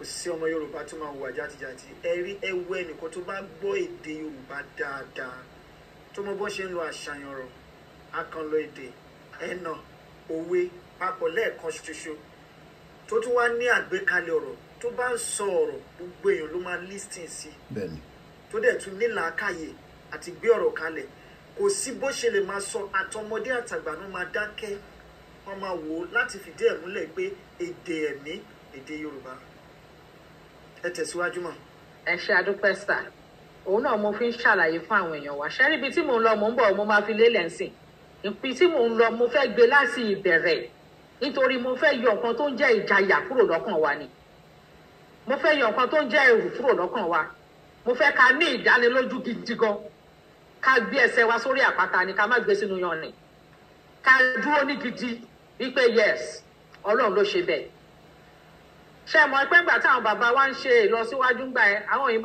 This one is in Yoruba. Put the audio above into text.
kò sí ọmọ yorùbá tó máa wà játijàti ẹ rí ẹwọ ẹnìkan tó bá gbọ́ èdè yorùbá dáadáa tó mọ bọ́n ṣe ń lo àṣàyàn ọ̀rọ̀ akànlò èdè ẹ̀nà òwe papọ̀ lẹ́ẹ̀kan ṣoṣo tó tún wá ní àgbékalẹ̀ ọ̀rọ̀ tó bá ń sọ ọ̀rọ̀ gbogbo èèyàn ló máa lísìn sí tó dẹ̀ tún ní làákàyè àti gbé ọ̀rọ̀ kalẹ̀ kò sí bó ṣe lè máa sọ àtọmọdé àtàgbà náà máa dákẹ́ wọn máa wò ó láti fìdí ẹ̀ múlẹ̀ pé èdè ẹ̀mí èdè yorùbá ẹ tẹ̀síwájú mọ́. ẹ ṣe àdúpẹ́ sà òun náà mo fi ń ṣàlàyé fún àwọn èèyàn wa ṣẹ́rí ibi tí mò ń lọ mò ń bọ̀ mo máa fi lélẹ̀ ńsìn ibi tí mò ń lọ mo fẹ́ gbé láti ìbẹ̀rẹ̀ nítorí mo fẹ́ yọ nǹkan tó ń jẹ́ ìjayà kúrò lọ́kàn wa ni mo fẹ́ yọ nǹkan tó ń jẹ́ ẹrù kúrò lọ́kàn wa mo fẹ́ ká ní ìdánilójú gidi gan ká gbé ẹsẹ̀ wa sórí àpáta ni ká má gbé sínú yanni ká dúró ní gidi wípé yes ọlọ́run ló ṣe bẹ́ẹ̀ ṣe mọ̀ pé táwọn bàbá wa ń ṣe ìlọsíwájú ńgbà yẹn àwọn òyìnbó